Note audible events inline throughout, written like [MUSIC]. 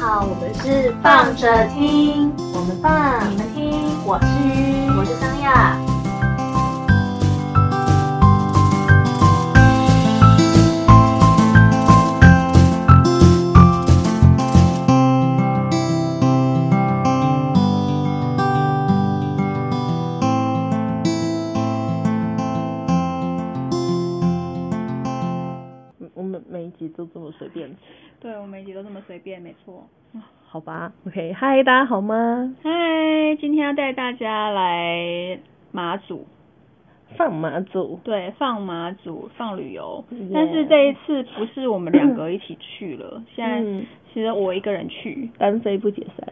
好，我們是放着,放着聽，我們放，你們聽，我,聽我是，我是 Sunya。我們每一集都這麼隨便。我們每集都這麼隨便，沒錯。好吧，OK，嗨，大家好嗎？嗨，今天要帶大家來馬祖。放馬祖？對，放馬祖，放旅遊。Yeah. 但是這一次不是我們兩個一起去了， [COUGHS] 現在其實我一個人去。單飛不解散。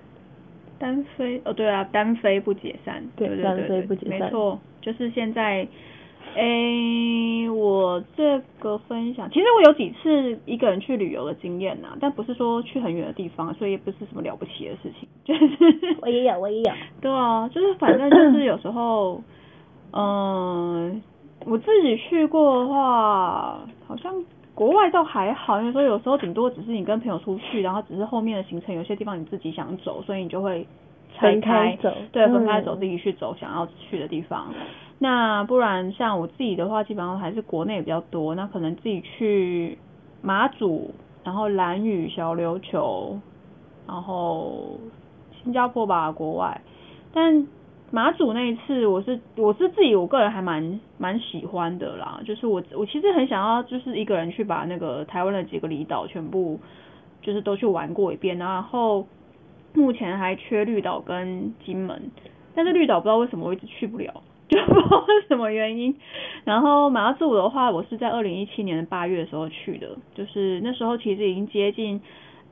單飛？哦對啊，單飛不解散。對對對，對單飛不解散。沒錯，就是現在，欸這個分享其實我有幾次一個人去旅遊的經驗啊，但不是說去很遠的地方，所以也不是什麼了不起的事情。就是我也有，我也有呵呵。對啊，就是反正就是有時候，嗯、呃，我自己去過的話，好像國外倒還好，因為說有時候頂多只是你跟朋友出去，然後只是後面的行程有些地方你自己想走，所以你就會拆開，分開走，對，分開走，嗯，自己去走想要去的地方。那不然像我自己的話，基本上還是國內比較多。那可能自己去馬祖，然後蘭嶼、小琉球，然後新加坡吧，國外。但馬祖那一次，我是我是自己，我個人還蠻蠻喜歡的啦。就是我我其實很想要，就是一個人去把那個台灣的幾個離島全部就是都去玩過一遍。然後，然後目前還缺綠島跟金門，但是綠島不知道為什麼我一直去不了。不知道什麼原因，然後馬祖的話，我是在二零一七年的八月的時候去的，就是那時候其實已經接近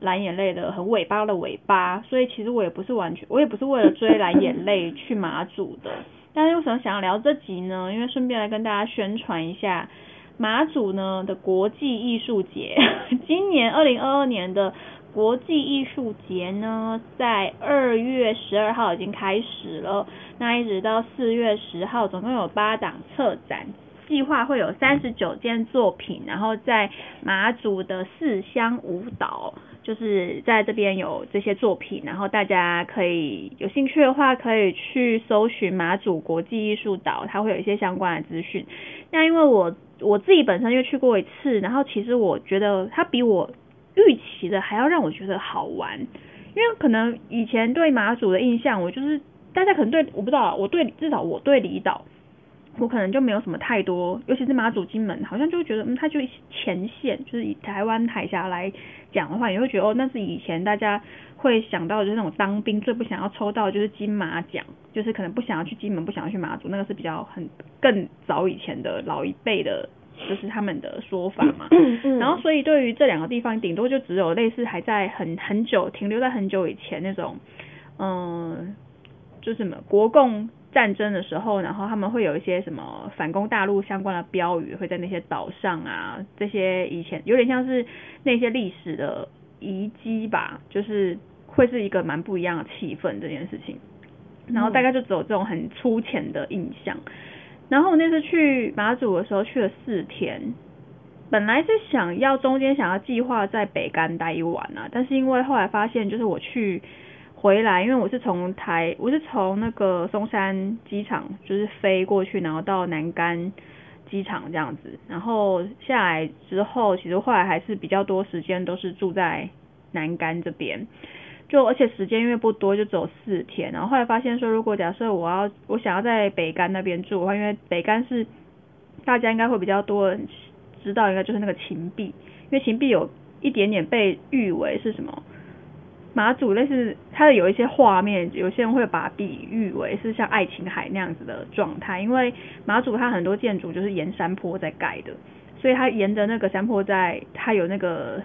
藍眼淚的很尾巴的尾巴，所以其實我也不是完全，我也不是為了追藍眼淚去馬祖的。但是為什麼想要聊這集呢？因為順便來跟大家宣傳一下馬祖呢的國際藝術節，今年二零二二年的。國際藝術節呢，在二月十二號已經開始了，那一直到四月十號，總共有八檔策展計劃，會有三十九件作品，然後在馬祖的四鄉五島，就是在這邊有這些作品，然後大家可以有興趣的話，可以去搜尋馬祖國際藝術島，它會有一些相關的資訊。那因為我、我自己本身又去過一次，然後其實我覺得它比我。預期的還要讓我覺得好玩，因為可能以前對馬祖的印象，我就是大家可能對，我不知道、啊，我對至少我對離島，我可能就沒有什麼太多，尤其是馬祖金門，好像就覺得嗯，他就前線，就是以台灣海峽來講的話，你會覺得哦，那是以前大家會想到的就是那種當兵最不想要抽到的就是金馬獎，就是可能不想要去金門，不想要去馬祖，那個是比較很更早以前的老一輩的。就是他們的說法嘛，然後所以對於這兩個地方，頂多就只有類似還在很很久停留在很久以前那種，嗯，就是什麼國共戰爭的時候，然後他們會有一些什麼反攻大陸相關的標語，會在那些島上啊，這些以前有點像是那些歷史的遺跡吧，就是會是一個蠻不一樣的氣氛這件事情，然後大概就只有這種很粗淺的印象。然後我那次去馬祖的時候去了四天，本來是想要中間想要計劃在北竿待一晚啊，但是因為後來發現就是我去回來，因為我是從台我是從那個松山機場就是飛過去，然後到南竿機場這樣子，然後下來之後，其實後來還是比較多時間都是住在南竿這邊。就而且時間因為不多，就只有四天。然後後來發現說，如果假設我要我想要在北竿那邊住的話，因為北竿是大家應該會比較多人知道，應該就是那個琴壁。因為琴壁有一點點被譽為是什麼馬祖類似它的有一些畫面，有些人會把它譽為是像愛琴海那樣子的狀態。因為馬祖它很多建築就是沿山坡在蓋的，所以它沿着那個山坡在它有那個。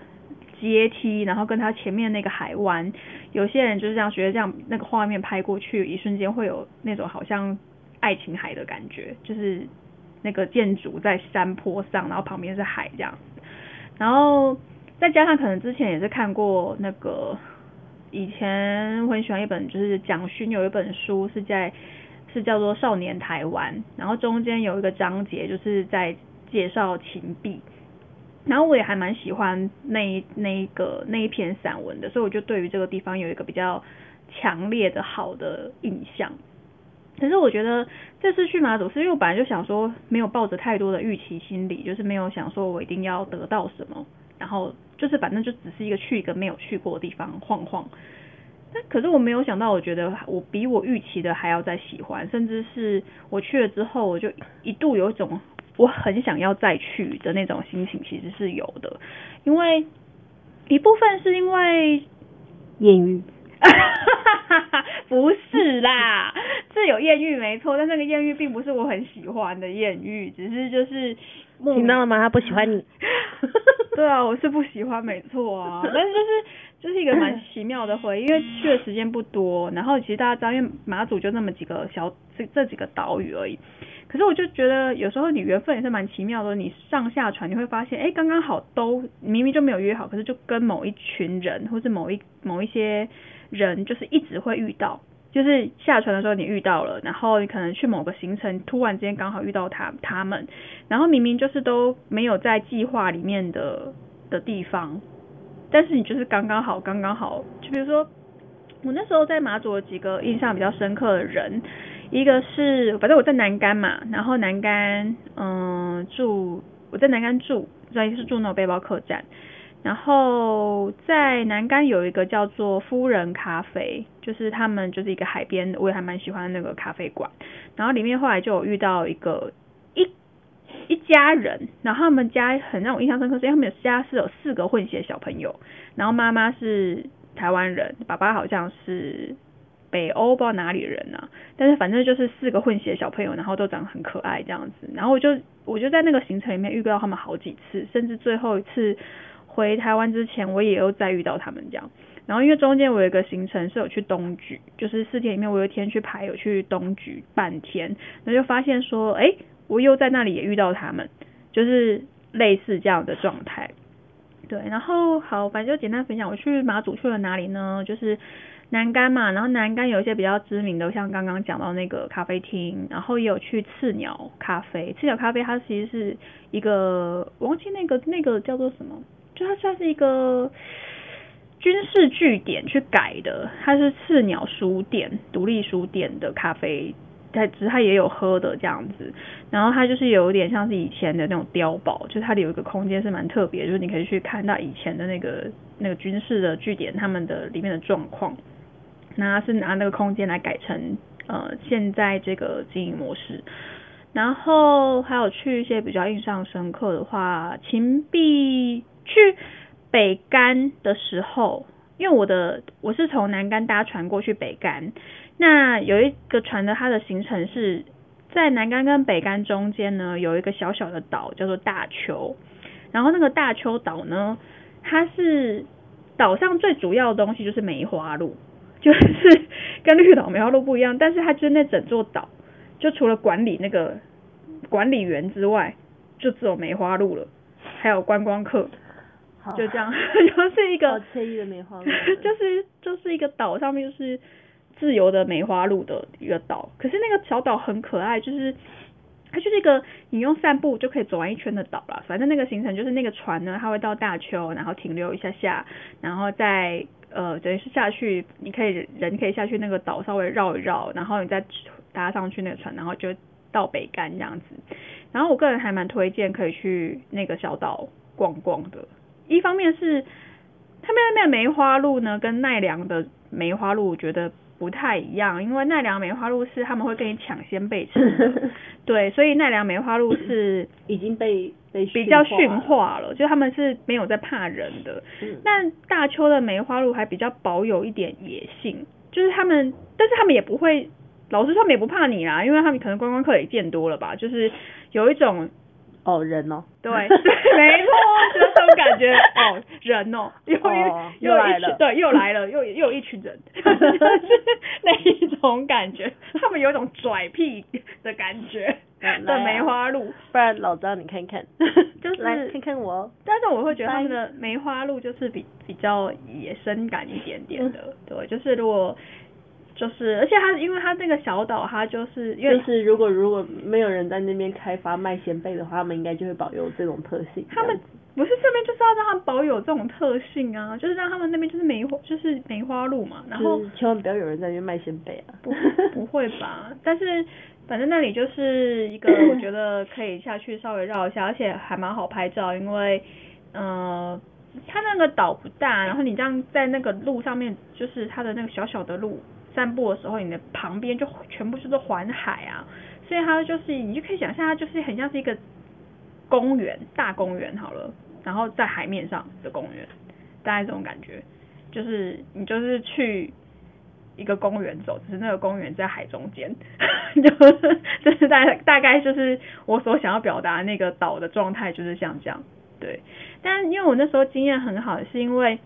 階梯，然後跟它前面那個海灣，有些人就是這樣學這樣，那個畫面拍過去，一瞬間會有那種好像愛琴海的感覺，就是那個建築在山坡上，然後旁邊是海這樣子，然後再加上可能之前也是看過那個，以前我很喜歡一本就是蔣勳有一本書是在是叫做《少年台灣》，然後中間有一個章節就是在介紹芹壁然後我也還蠻喜歡那那一個那一篇散文的，所以我就對於這個地方有一個比較強烈的好的印象。可是我覺得這次去馬祖，是因為我本來就想說，沒有抱着太多的預期心理，就是沒有想說我一定要得到什麼，然後就是反正就只是一個去一個沒有去過的地方晃晃。但可是我沒有想到，我覺得我比我預期的還要再喜歡，甚至是我去了之後，我就一度有一種。我很想要再去的那種心情其實是有的，因為一部分是因為豔遇，艷 [LAUGHS] 不是啦，是有豔遇沒錯，但那個豔遇並不是我很喜歡的豔遇，只是就是聽到了嗎？ [LAUGHS] 他不喜歡你？ [LAUGHS] 對啊，我是不喜歡，沒錯啊， [LAUGHS] 但是就是就是一個蠻奇妙的回，因為去的時間不多，然後其實大家知道，因為馬祖就那麼幾個小這這幾個島嶼而已。可是我就覺得有時候你緣分也是蠻奇妙的，你上下船你會發現，哎，剛剛好都明明就沒有約好，可是就跟某一群人或者某一某一些人就是一直會遇到，就是下船的時候你遇到了，然後你可能去某個行程，突然之間剛好遇到他他們，然後明明就是都沒有在計劃裡面的的地方，但是你就是剛剛好剛剛好，就比如說我那時候在馬祖有幾個印象比較深刻的人。一個是，反正我在南竿嘛，然後南竿嗯，住我在南竿住，所以是住那種背包客棧。然後在南竿有一個叫做夫人咖啡，就是他們就是一個海邊，我也還蠻喜歡那個咖啡館。然後裡面後來就有遇到一個一一家人，然後他們家很讓我印象深刻，因為他們家是有四個混血小朋友，然後媽媽是台灣人，爸爸好像是。美歐不知道哪裡人啊，但是反正就是四個混血小朋友，然後都長得很可愛這樣子。然後我就我就在那個行程裡面遇到他們好幾次，甚至最後一次回台灣之前，我也又再遇到他們這樣。然後因為中間我有一個行程是有去東莒，就是四天裡面我有一天去排有去東莒半天，那就發現說，哎、欸，我又在那裡也遇到他們，就是類似這樣的狀態。對，然後好，反正就簡單分享，我去馬祖去了哪裡呢？就是。南竿嘛，然後南竿有一些比較知名的，像剛剛講到那個咖啡廳，然後也有去刺鳥咖啡。刺鳥咖啡它其實是一個，我忘記那個那個叫做什麼，就它算是一個軍事據點去改的，它是刺鳥書店，獨立書店的咖啡，它只是它也有喝的這樣子。然後它就是有一點像是以前的那種碉堡，就是它裡有一個空間是蠻特別，就是你可以去看到以前的那個那個軍事的據點他們的裡面的狀況。那是拿那個空間來改成呃，現在這個經營模式，然後還有去一些比較印象深刻的話，秦碧去北竿的時候，因為我的我是從南竿搭船過去北竿，那有一個船的它的行程是在南竿跟北竿中間呢，有一個小小的島叫做大坵，然後那個大坵島呢，它是島上最主要的東西就是梅花鹿。 [LAUGHS] 就是跟綠島梅花鹿不一樣，但是它就是那整座島，就除了管理那個管理員之外，就只有梅花鹿了，還有觀光客好，就這樣，就是一個好愜意的梅花鹿。 [LAUGHS] 就是就是一個島上面就是自由的梅花鹿的一個島。可是那個小島很可愛，就是它就是一個你用散步就可以走完一圈的島啦。反正那個行程就是那個船呢，它會到大丘，然後停留一下下，然後再。呃，等於是下去，你可以人可以下去那個島稍微繞一繞，然後你再搭上去那個船，然後就到北竿這樣子。然後我個人還蠻推薦可以去那個小島逛逛的，一方面是他們那邊的梅花鹿呢，跟奈良的梅花鹿，我覺得。不太一樣，因為奈良梅花鹿是他們會跟你搶先被吃， [LAUGHS] 對，所以奈良梅花鹿是已經被被比較馴化了，就他們是沒有在怕人的。那、嗯、大邱的梅花鹿還比較保有一點野性，就是他們，但是他們也不會，老實說，他們也不怕你啦，因為他們可能觀光客也見多了吧，就是有一種。哦，人哦，對，對沒錯，這、就、種、是、感覺哦，人哦，又哦又，又來了，對，又來了，又又有一群人， [LAUGHS] 那一種感覺，他們有一種拽屁的感覺、嗯啊、的梅花鹿，不然老張你看看，就是來看看我、哦，但是我會覺得他們的梅花鹿就是比比較野生感一點點的，嗯、對，就是如果。就是，而且它因為它那個小島，它就是因為、就是如果如果沒有人在那邊開發賣仙貝的話，他們應該就會保有這種特性。他們不是這邊就是要讓他們保有這種特性啊，就是讓他們那邊就是梅花就是梅花鹿嘛，然後、就是、千萬不要有人在那邊賣仙貝啊。不會不會吧？ [LAUGHS] 但是反正那裡就是一個我覺得可以下去稍微繞一下，而且還蠻好拍照，因為嗯、呃，它那個島不大，然後你這樣在那個路上面就是它的那個小小的路。散步的時候，你的旁邊就全部就是環海啊，所以它就是你就可以想象它就是很像是一個公園，大公園好了，然後在海面上的公園大概這種感覺，就是你就是去一個公園走，只是那個公園在海中間， [LAUGHS] 就是大大概就是我所想要表達那個島的狀態，就是像這樣，對。但因為我那時候經驗很好，是因為。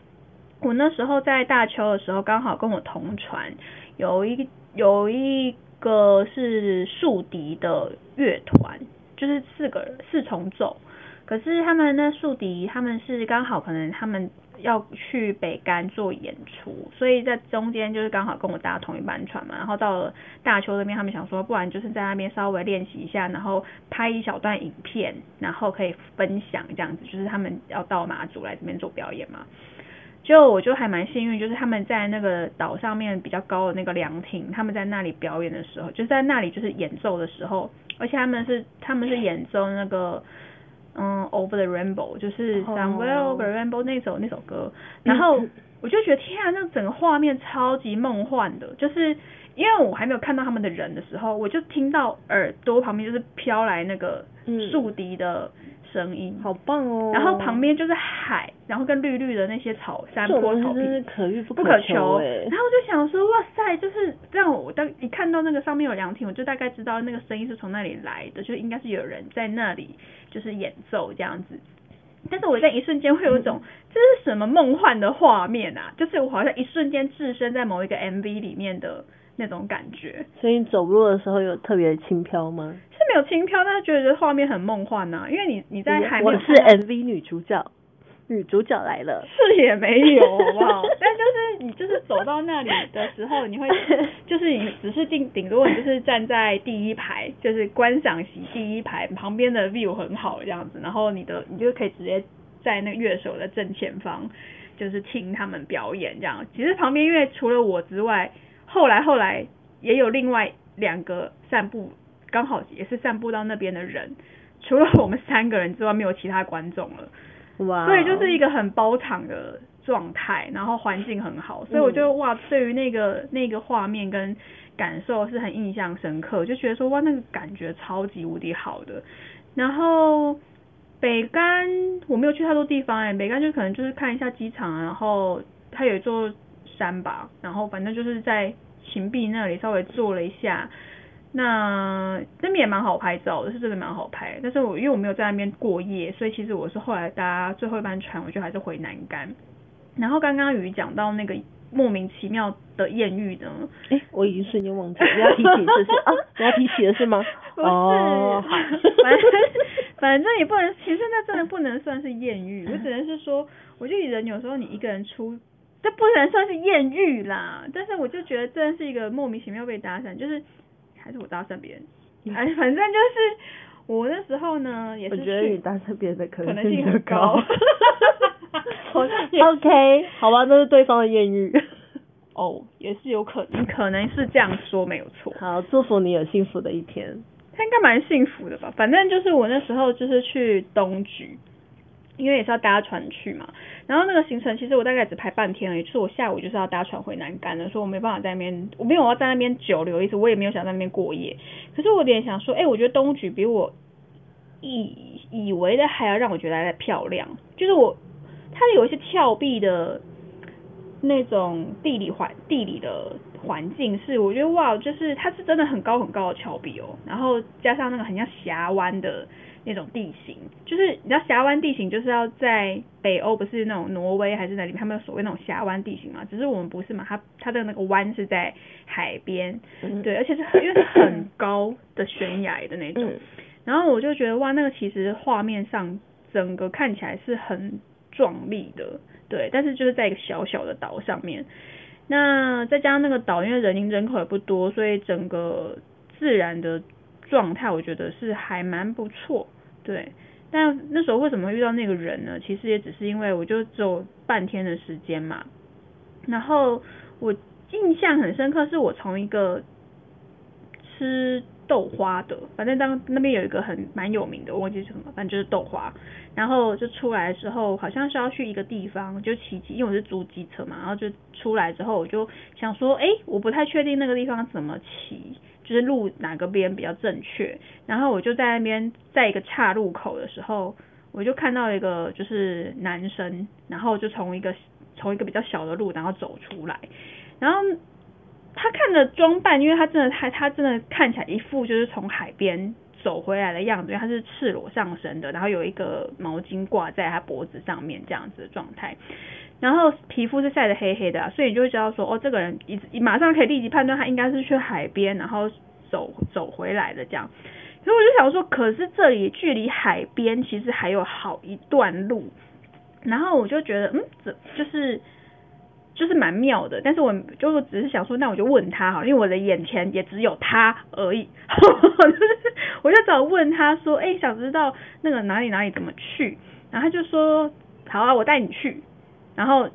我那時候在大坵的時候，剛好跟我同船有，有一個有一個是豎笛的樂團，就是四個人四重奏。可是他們那豎笛，他們是剛好可能他們要去北竿做演出，所以在中間就是剛好跟我搭同一班船嘛。然後到了大坵這邊，他們想說，不然就是在那邊稍微練習一下，然後拍一小段影片，然後可以分享這樣子，就是他們要到馬祖來這邊做表演嘛。就我就還蠻幸運，就是他們在那個島上面比較高的那個涼亭，他們在那裡表演的時候，就在那裡就是演奏的時候，而且他們是他們是演奏那個嗯 Over the Rainbow，就是 Somewhere Over the Rainbow 那首那首歌，然後我就覺得天啊，那整個畫面超級夢幻的，就是因為我還沒有看到他們的人的時候，我就聽到耳朵旁邊就是飄來那個豎笛的。嗯聲音好棒哦！然後旁邊就是海，然後跟綠綠的那些草山坡，這種真的是可遇不可求，不可求，欸。然後我就想說，哇塞，就是讓我當你看到那個上面有涼亭，我就大概知道那個聲音是從那裡來的，就應該是有人在那裡就是演奏這樣子。但是我在一瞬間會有一種、嗯、這是什麼夢幻的畫面啊！就是我好像一瞬間置身在某一個 MV 裡面的那種感覺。所以你走路的時候有特別輕飄嗎？沒有輕飄，但是覺得畫面很夢幻吶、啊。因為你你在海面，我是 MV 女主角，女主角來了，是也沒有好不好？ [LAUGHS] 但就是你就是走到那裡的時候，你會就是你只是頂頂多就是站在第一排，就是觀賞席第一排旁邊的 view 很好這樣子，然後你的你就可以直接在那個樂手的正前方，就是聽他們表演這樣。其實旁邊因為除了我之外，後來後來也有另外兩個散步，剛好也是散步到那邊的人，除了我們三個人之外，沒有其他觀眾了。哇，Wow！所以就是一個很包場的狀態，然後環境很好，所以我就哇，對於那個那個畫面跟感受是很印象深刻，就覺得說哇，那個感覺超級無敵好的。然後北竿我沒有去太多地方哎、欸，北竿就可能就是看一下機場，然後它有一座山吧，然後反正就是在芹壁那裡稍微坐了一下。那這邊也蠻好拍照的，是真的蠻好拍。但是我因為我沒有在那邊過夜，所以其實我是後來搭最後一班船，我就還是回南竿，然後剛剛雨講到那個莫名其妙的豔遇呢，哎、欸，我已經瞬間忘記了。你要提起這是、 [LAUGHS] 啊、要提起的是嗎？不是，哦、 [LAUGHS] 反正反正你不能，其實那真的不能算是豔遇，我只能是說，我就以為有時候你一個人出，這不能算是豔遇啦。但是我就覺得真的是一個莫名其妙被搭訕，就是。還是我搭訕別人，哎、啊，反正就是我那時候呢，也是覺得你搭訕別人的可能性很高。 [LAUGHS] o、okay, K，好吧，那是對方的豔遇。哦、oh,，也是有可能，可能是這樣說沒有錯。好，祝福你有幸福的一天。他應該蠻幸福的吧？反正就是我那時候就是去東莒。因為也是要搭船去嘛，然後那個行程其實我大概只排半天而已，就是我下午就是要搭船回南竿的，所以我沒辦法在那邊，我沒有要在那邊久留，一次我也沒有想在那邊過夜。可是我有點想說，哎、欸，我覺得東莒比我以以為的還要讓我覺得還在漂亮，就是我它有一些峭壁的那種地理環地理的。環境是我覺得哇，就是它是真的很高很高的峭壁哦，然後加上那個很像峽灣的那種地形，就是你知道峽灣地形就是要在北歐不是那種挪威還是哪裡，他們有所謂那種峽灣地形嘛，只是我們不是嘛，它它的那個灣是在海邊，對，而且是因為是很高的懸崖的那種，然後我就覺得哇，那個其實畫面上整個看起來是很壯麗的，對，但是就是在一個小小的島上面。那再加上那個島，因為人人口也不多，所以整個自然的狀態，我覺得是還蠻不錯，對。但那時候為什麼會遇到那個人呢？其實也只是因為我就只有半天的時間嘛。然後我印象很深刻，是我從一個吃豆花的，反正當那邊有一個很蠻有名的，我忘記是什麼，反正就是豆花。然後就出來的時候，好像是要去一個地方，就騎機，因為我是租機車嘛。然後就出來之後，我就想說，誒，我不太確定那個地方怎麼騎，就是路哪個邊比較正確。然後我就在那邊，在一個岔路口的時候，我就看到一個就是男生，然後就從一個從一個比較小的路，然後走出來。然後他看的裝扮，因為他真的他他真的看起來一副就是從海邊。走回來的樣子，因為他是赤裸上身的，然後有一個毛巾掛在他脖子上面這樣子的狀態，然後皮膚是曬得黑黑的啊，所以你就知道說，哦，這個人一，馬上可以立即判斷他應該是去海邊，然後走走回來的這樣。所以我就想說，可是這裡距離海邊其實還有好一段路，然後我就覺得，嗯，這就是。就是蠻妙的，但是我就只是想說，那我就問他哈，因為我的眼前也只有他而已， [LAUGHS] 我就找問他說，哎、欸，想知道那個哪裡哪裡怎麼去，然後他就說，好啊，我帶你去。然後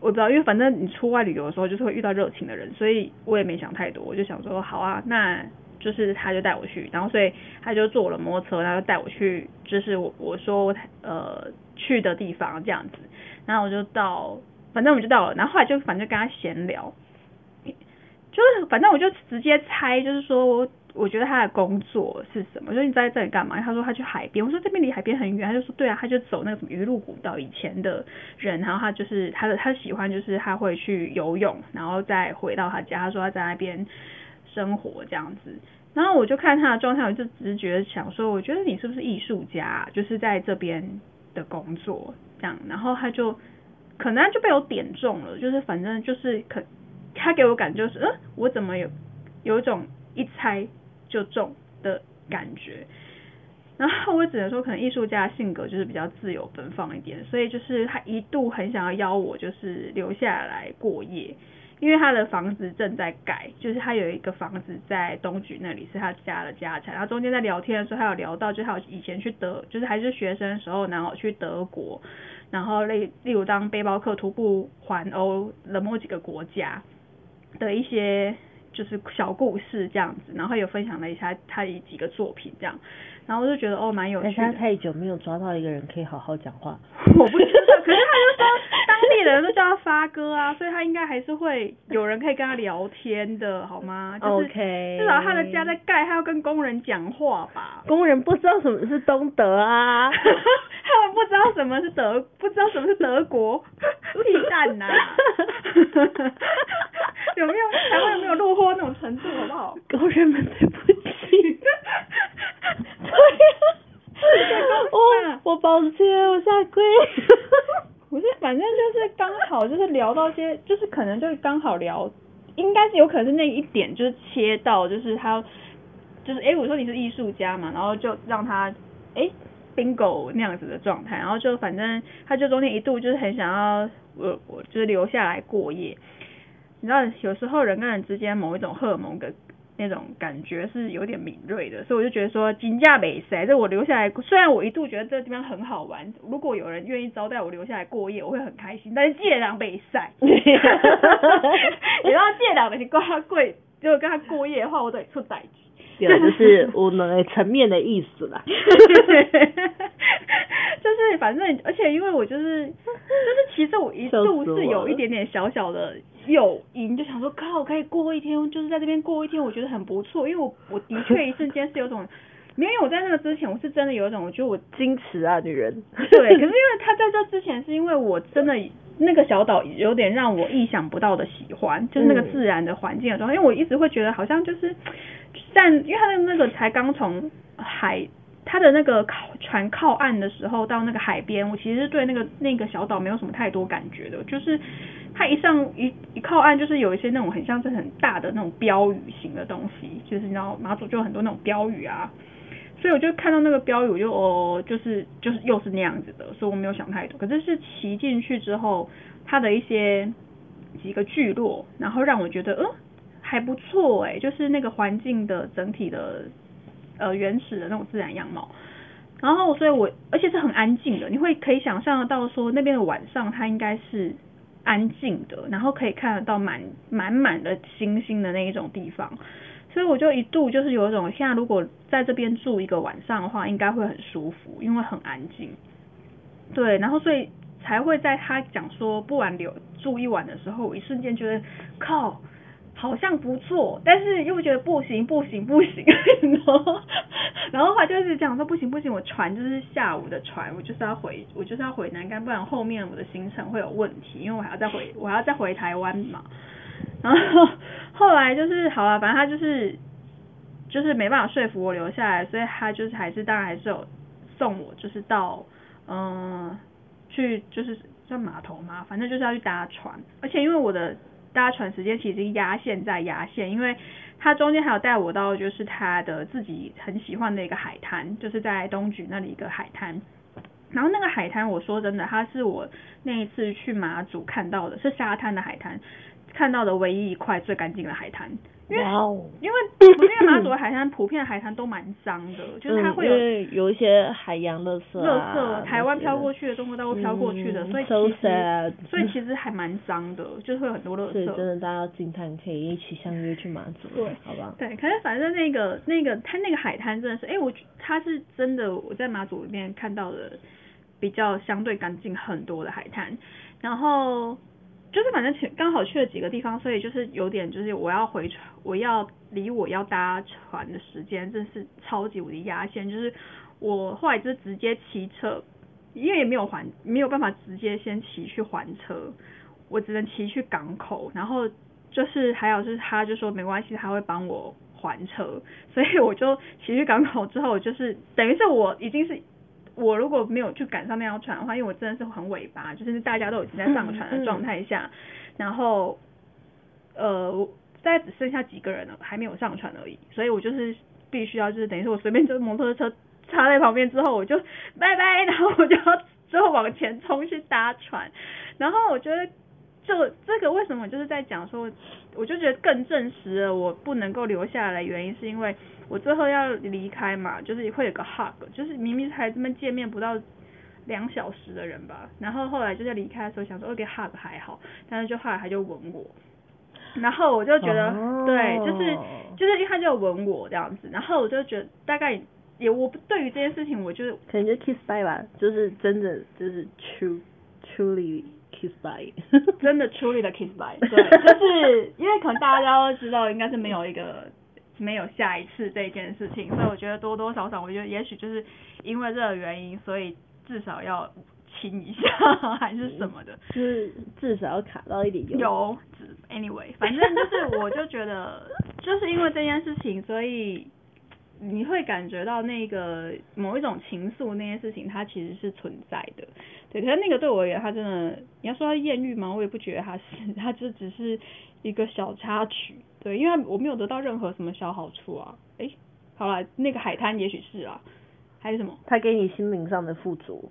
我知道，因為反正你出外旅遊的時候，就是會遇到熱情的人，所以我也沒想太多，我就想說，好啊，那就是他就帶我去，然後所以他就坐我的摩托車，然後帶我去，就是我我說呃去的地方這樣子，然後我就到。反正我們就到了，然後後來就反正跟他閒聊，就是反正我就直接猜，就是說我覺得他的工作是什麼？就是你在這裡幹嘛？他說他去海邊。我說這邊離海邊很遠。他就說對啊，他就走那個什麼魚路古道。以前的人，然後他就是他的他喜歡就是他會去游泳，然後再回到他家。他說他在那邊生活這樣子。然後我就看他的狀態，我就直覺想說，我覺得你是不是藝術家？就是在這邊的工作這樣。然後他就。可能就被我點中了，就是反正就是可，他給我感覺就是，呃、嗯，我怎麼有有一種一猜就中的感覺，然後我只能說，可能藝術家性格就是比較自由奔放一點，所以就是他一度很想要邀我就是留下來過夜，因為他的房子正在改，就是他有一個房子在東莒那裡是他家的家產，然後中間在聊天的時候，他有聊到，就是他有以前去德，就是還是學生的時候，然後去德國。然後例例如當背包客徒步環歐了某幾個國家的一些就是小故事這樣子，然後也分享了一下他的幾個作品這樣，然後我就覺得哦蠻有趣、欸。他太久沒有抓到一個人可以好好講話，我不。 [LAUGHS] 可是他就說，當地人都叫他發哥啊，所以他應該還是會有人可以跟他聊天的，好嗎？OK。就是、至少他的家在蓋，他要跟工人講話吧。工人不知道什麼是東德啊， [LAUGHS] 他們不知道什麼是德，不知道什麼是德國，屁蛋吶、啊！ [LAUGHS] 有沒有台灣有沒有落後那種程度好不好？工人們對不起， [LAUGHS] [LAUGHS] 哇， [LAUGHS] 我保持，我下跪。我 [LAUGHS] 不是反正就是剛好就是聊到這些，就是可能就是剛好聊，應該是有可能是那一點就是切到就是他，就是誒、欸，我說你是藝術家嘛，然後就讓他誒、欸、bingo 那樣子的狀態，然後就反正他就中間一度就是很想要我我就是留下來過夜，你知道有時候人跟人之間某一種荷爾蒙跟。那種感覺是有點敏銳的，所以我就覺得說，金價被曬，就我留下來。雖然我一度覺得這地方很好玩，如果有人願意招待我留下來過夜，我會很開心。但是借兩被曬，你若借兩倍，你跟他過，如果跟他過夜的話，我得出宰對，就是我們層面的意思啦。 [LAUGHS] [LAUGHS] 就是反正，而且因為我就是，就是其實我一度是有一點點小小的有癮，就想說靠，可以過一天，就是在這邊過一天，我覺得很不錯。因為我我的確一瞬間是有種，沒 [LAUGHS] 有我在那個之前，我是真的有一種，我覺得我矜持啊，女人。 [LAUGHS] 對，可是因為他在這之前，是因為我真的。 [LAUGHS] 那個小島有點讓我意想不到的喜歡，就是那個自然的環境的時候狀態、嗯、因為我一直會覺得好像就是，但因為它的那個才剛從海，它的那個靠船靠岸的時候到那個海邊，我其實對那個那個小島沒有什麼太多感覺的。就是它一上一一靠岸，就是有一些那種很像是很大的那種標語型的東西，就是你知道馬祖就有很多那種標語啊。所以我就看到那個標語，我就哦，就是就是又是那樣子的，所以我沒有想太多。可是是騎進去之後，它的一些幾個聚落，然後讓我覺得嗯，還不錯哎，就是那個環境的整體的呃，原始的那種自然樣貌。然後所以我而且是很安靜的，你會可以想象得到說那邊的晚上它應該是安靜的，然後可以看得到滿滿滿的星星的那一種地方。所以我就一度就是有一種，現在如果在這邊住一個晚上的話，應該會很舒服，因為很安靜。對，然後所以才會在他講說不挽留住一晚的時候，我一瞬間覺得靠，好像不錯，但是又覺得不行不行不行。然後的話就是講說不行不行，我船就是下午的船，我就是要回我就是要回南竿，不然後面我的行程會有問題，因為我還要再回我還要再回台灣嘛。然後後來就是好了，反正他就是就是沒辦法說服我留下來，所以他就是還是當然還是有送我，就是到嗯去就是算碼頭嘛，反正就是要去搭船。而且因為我的搭船時間其實壓線在壓線，因為他中間還有帶我到就是他的自己很喜歡的一個海灘，就是在東莒那裡一個海灘。然後那個海灘，我說真的，他是我那一次去馬祖看到的，是沙灘的海灘。看到的唯一一塊最乾淨的海灘，因為、wow. 因為我那個馬祖的海灘， [COUGHS] 普遍的海灘都蠻髒的，就是它會有有一些海洋垃圾啊，台灣飄過去的，中國大陸飄過去的、嗯，所以其實、嗯、所以其實還蠻髒的，嗯、就是會有很多垃圾。真的，大家驚嘆可以一起相約去馬祖，對，好吧？對，可是反正那個那個它那個海灘真的是，哎、欸，我它是真的，我在馬祖裡面看到的比較相對乾淨很多的海灘，然後。就是反正去剛好去了幾個地方，所以就是有點就是我要回船，我要離我要搭船的時間真是超級無敵壓線，就是我後來就直接騎車，因為也沒有還沒有辦法直接先騎去還車，我只能騎去港口，然後就是還有就是他就說沒關係，他會幫我還車，所以我就騎去港口之後就是等於是我已經是。我如果沒有去趕上那條船的話，因為我真的是很尾巴，就是大家都已經在上船的狀態下、嗯嗯，然後，呃，我大概只剩下幾個人了，還沒有上船而已，所以我就是必須要就是等於說，我隨便就是摩托車插在旁邊之後，我就拜拜，然後我就要之後往前衝去搭船，然後我覺得就這個為什麼我就是在講說，我就覺得更證實了我不能夠留下來的原因，是因為。我最後要離開嘛，就是會有個 hug，就是明明是孩子們見面不到兩小時的人吧，然後後來就在離開的時候想說，OK hug 還好，但是就後來他就吻我，然後我就覺得，oh. 對，就是就是一開始就吻我這樣子，然後我就覺得大概也我對於這件事情，我就是可能就 kiss bye 吧，就是真的就是 truly kiss bye，真的 truly 的 kiss bye，對，就是 true, 的的 by, [LAUGHS] 就是、因為可能大家都知道，應該是沒有一個。沒有下一次這件事情，所以我覺得多多少少，我覺得也許就是因為這個原因，所以至少要親一下還是什麼的，嗯、是至少要卡到一點油。有，anyway，反正就是我就覺得就是因為這件事情， [LAUGHS] 所以你會感覺到那個某一種情愫，那件事情它其實是存在的。對，可是那個對我而言，他真的你要說它豔遇嗎？我也不覺得他是，他就只是一個小插曲。對，因為我沒有得到任何什麼小好處啊，哎、欸，好了，那個海灘也許是啊，還是什麼？他給你心靈上的富足，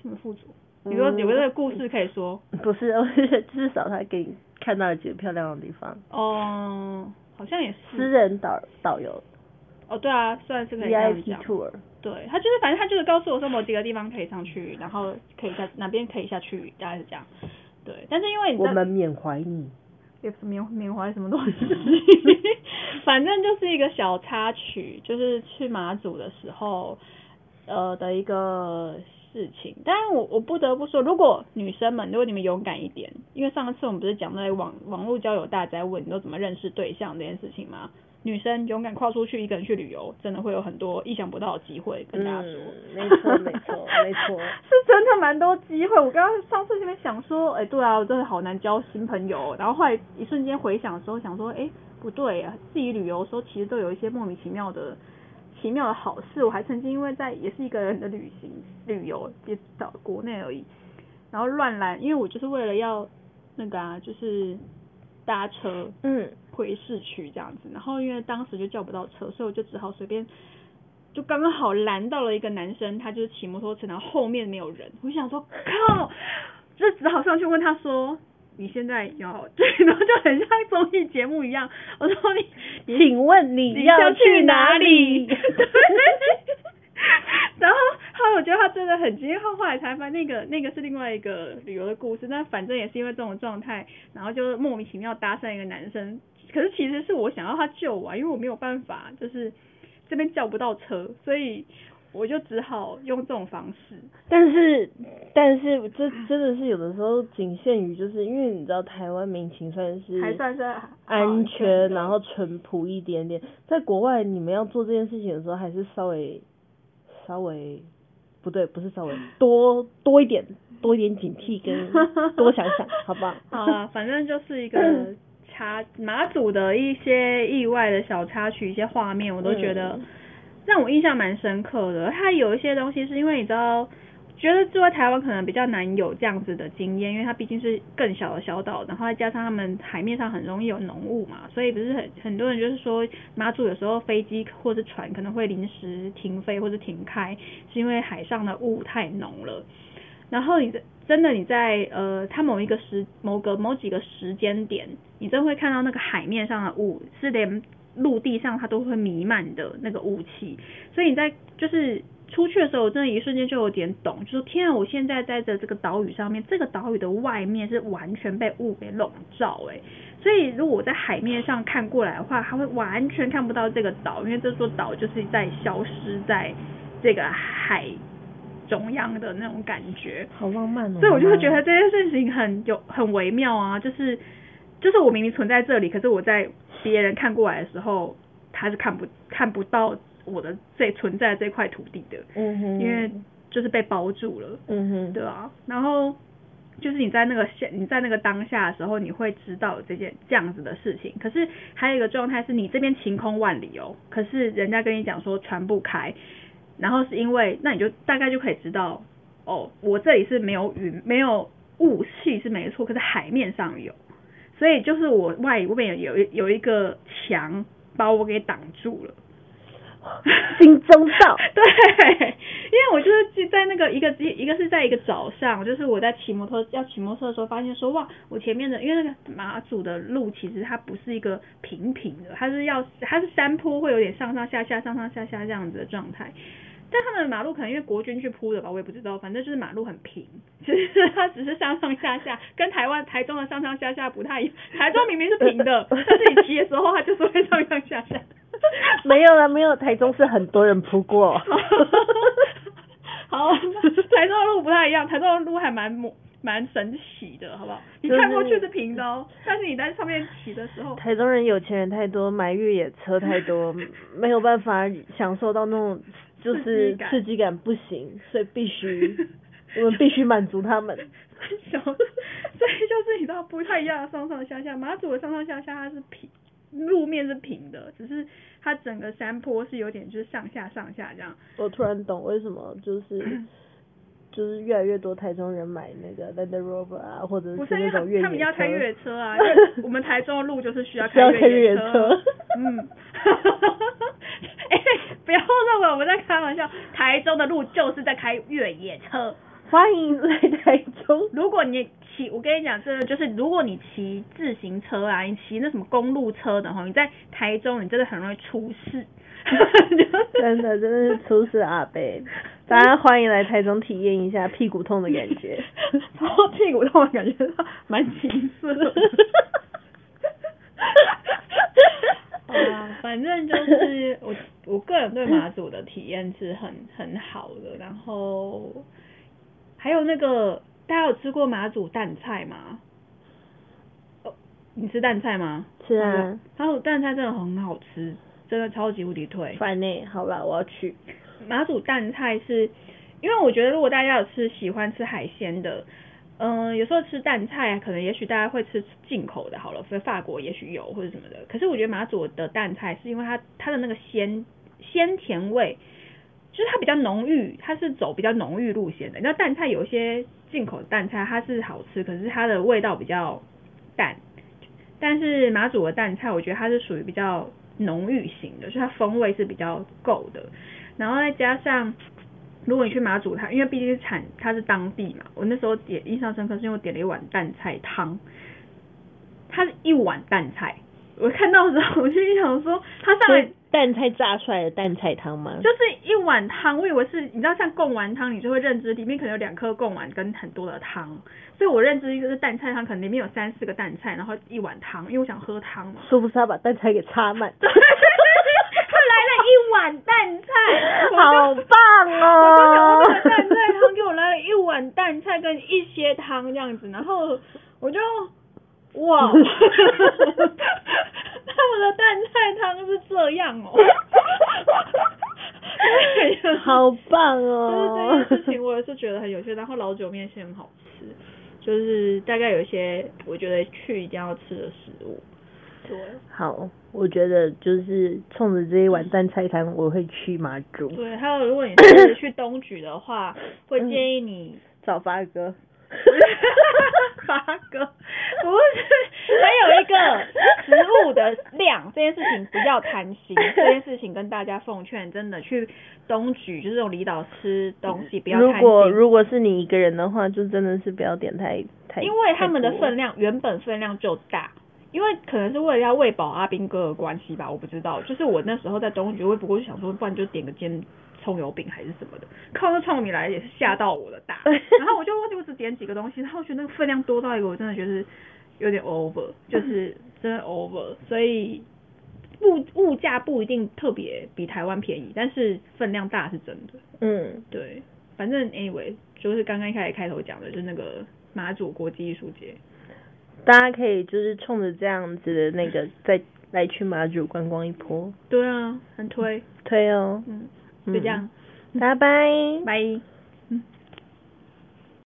心靈富足，有個有，嗯、有沒有個故事可以說？不是，我至少他給你看到了幾個漂亮的地方。哦、嗯，好像也是。私人導導遊。哦，對啊，算是可、VIP、Tour。對，他就是，反正他就是告訴我說，某幾個地方可以上去，然後可以下哪邊可以下去，大概是這樣。對，但是因為你我們緬懷你。棉棉懷什麼東西？ [LAUGHS] 反正就是一個小插曲，就是去馬祖的時候呃的一個事情。當然我我不得不說，如果女生們如果你們勇敢一點，因為上次我們不是講在網網絡交友大哉問你都怎麼認識對象這件事情嗎？女生勇敢跨出去一個人去旅遊，真的會有很多意想不到的機會跟大家說。沒、嗯、錯，沒錯， [LAUGHS] 沒錯，是真的蠻多機會。我剛剛上次這邊想說，哎、欸，對啊，我真的好難交新朋友。然後後來一瞬間回想的時候，想說，哎、欸，不對啊，自己旅遊的時候其實都有一些莫名其妙的奇妙的好事。我還曾經因為在也是一個人的旅行旅遊，也到國內而已，然後亂來，因為我就是為了要那個啊，就是搭車。嗯。回市區這樣子，然後因為當時就叫不到車，所以我就只好隨便，就剛剛好攔到了一個男生，他就是騎摩托車，然後後面沒有人，我想說靠，就只好上去問他說：“你現在要對？”然後就很像綜藝節目一樣，我說：“你請問你，你要去哪裡？”哪裡 [LAUGHS] [LAUGHS] [LAUGHS] 然後然後來我覺得他真的很急，因為後後來才發現那個那個是另外一個旅遊的故事，但反正也是因為這種狀態，然後就莫名其妙搭訕一個男生。可是其實是我想要他救我啊，因為我沒有辦法，就是這邊叫不到車，所以我就只好用這種方式。但是，但是這真的是有的時候僅限於，就是因為你知道台灣民情算是還算是安全，然後淳樸一點點。在國外你們要做這件事情的時候，還是稍微稍微不對，不是稍微多多一點，多一點警惕跟多想想， [LAUGHS] 好不好？好啊，反正就是一個。 [LAUGHS] 他，馬祖的一些意外的小插曲，一些畫面，我都覺得讓我印象蠻深刻的。他有一些東西是因為你知道，覺得住在台灣可能比較難有這樣子的經驗，因為它畢竟是更小的小島，然後再加上他們海面上很容易有濃霧嘛，所以不是很，很多人就是說馬祖有時候飛機或者船可能會臨時停飛或者停開，是因為海上的霧太濃了。然後你的。真的，你在呃，它某一個時某個某幾個時間點，你真會看到那個海面上的霧是連陸地上它都會彌漫的那個霧氣。所以你在就是出去的時候，我真的，一瞬間就有點懂，就是天啊，我現在在這這個島嶼上面，這個島嶼的外面是完全被霧給籠罩哎、欸。所以如果我在海面上看過來的話，它會完全看不到這個島，因為這座島就是在消失在這個海中央的那種感覺，好浪漫哦！所以我就會覺得這件事情很有很微妙啊，就是就是我明明存在這裡，可是我在別人看過來的時候，他是看不看不到我的這存在的這塊土地的，嗯哼，因為就是被包住了，嗯哼，對啊，然後就是你在那個現你在那個當下的時候，你會知道這件這樣子的事情，可是還有一個狀態是你這邊晴空萬里哦、喔，可是人家跟你講說船不開。然後是因為，那你就大概就可以知道，哦，我這裡是沒有雲、沒有霧氣是沒錯，可是海面上有，所以就是我外面有有有一個牆把我給擋住了。心中道， [LAUGHS] 對，因為我就是在那個一個一個，一個是在一個早上，就是我在騎摩托要騎摩托的時候，發現說哇，我前面的，因為那個馬祖的路其實它不是一個平平的，它是要它是山坡會有點上上下下上上下下這樣子的狀態，但他們的馬路可能因為國軍去鋪的吧，我也不知道，反正就是馬路很平，其實它只是上上下下，跟台灣台中的上上下下不太一樣，台中明明是平的，但是你騎的時候它就是會上上下下的。 [LAUGHS] 沒有了，沒有，台中是很多人撲過。 [LAUGHS] 好，台中的路不太一樣，台中的路還蠻蠻神奇的，好不好？你看過去是平的哦，就是、但是你在上面騎的時候，台中人有錢人太多，買越野車太多， [LAUGHS] 沒有辦法享受到那種就是刺激感， [LAUGHS] 刺激感不行，所以必須 [LAUGHS] 我們必須滿足他們。 [LAUGHS] 所以就是你知道不太一樣，上上下下，馬祖的上上下下它是平。路面是平的，只是它整個山坡是有點就是上下上下這樣。我突然懂為什麼就是 [COUGHS] 就是越來越多台中人買那個 Land Rover 啊，或者是那種越野車。他們要開越野車啊！ [LAUGHS] 我們台中的路就是需要開越野車。野車 [LAUGHS] 嗯、 [LAUGHS] 欸。不要認為我們在開玩笑，台中的路就是在開越野車。歡迎來台中。如果你騎，我跟你講真的，就是如果你騎自行車啊，你騎那什麼公路車的話你在台中，你真的很容易出事。 [LAUGHS] [LAUGHS] 真的，真的是出事啊！唄，大家歡迎來台中體驗一下屁股痛的感覺。 [LAUGHS] 然後屁股痛的感覺，蠻情色的。 [LAUGHS] [LAUGHS] 啊，反正就是我，我個人對馬祖的體驗是很很好的，然後。還有那個，大家有吃過馬祖淡菜嗎？哦，你吃淡菜嗎？吃啊。然後淡菜真的很好吃，真的超級無敵推飯內，好了，我要去。馬祖淡菜是，因為我覺得如果大家有吃喜歡吃海鮮的，嗯，有時候吃淡菜，可能也許大家會吃進口的，好了，所以法國也許有或者什麼的。可是我覺得馬祖的淡菜是因為它、它的那個鮮、鮮甜味。就是它比較濃郁，它是走比較濃郁路線的。那淡菜有一些進口的淡菜，它是好吃，可是它的味道比較淡。但是馬祖的淡菜，我覺得它是屬於比較濃郁型的，所以它風味是比較夠的。然後再加上，如果你去馬祖它，它因為畢竟是產，它是當地嘛。我那時候也印象深刻，是因為我點了一碗淡菜湯，它是一碗淡菜。我看到的時候，我就想說，它上面淡菜，炸出來的淡菜湯嗎？就是一碗湯，我以為是，你知道像貢丸湯，你就會認知裡面可能有兩顆貢丸跟很多的湯，所以我認知就是淡菜湯可能裡面有三四個淡菜，然後一碗湯，因為我想喝湯嘛。舒不是他把淡菜給插滿？他 [LAUGHS] [LAUGHS] [LAUGHS] 來了一碗淡菜，我好棒哦！我就想喝淡菜湯，給我來了一碗淡菜跟一些湯這樣子，然後我就。哇， [LAUGHS] 他們的淡菜湯是這樣哦？喔， [LAUGHS] [LAUGHS] 好棒哦，喔！就是這件事情，我也是覺得很有趣。然後老酒麵是很好吃，就是大概有一些我覺得去一定要吃的食物。對，好，我覺得就是衝着這一碗淡菜湯，我會去馬祖。對，還有如果你是去東莒的話，咳咳，會建議你找發哥。 [LAUGHS] 要貪心這件事情跟大家奉勸，真的去東莒，就是這種離島吃東西不要貪心。如果如果是你一個人的話，就真的是不要點太太。因為他們的分量原本分量就大，因為可能是為了要餵飽阿兵哥的關係吧，我不知道。就是我那時候在東莒，我也不過是想說，不然就點個煎蔥油餅還是什麼的。靠那創意來也是嚇到我的大， [LAUGHS] 然後我就忘就我只點幾個東西，然後我覺得分量多到一個我真的覺得有點 over，就是真的 over， [COUGHS] 所以。物物價不一定特別比台灣便宜，但是分量大是真的。嗯，對，反正 anyway，就是剛剛一開始開頭講的，就是那個馬祖國際藝術節，大家可以就是衝着這樣子的那個再來去馬祖觀光一波。嗯、對啊，很推推哦。嗯，就這樣，拜拜拜。Bye bye bye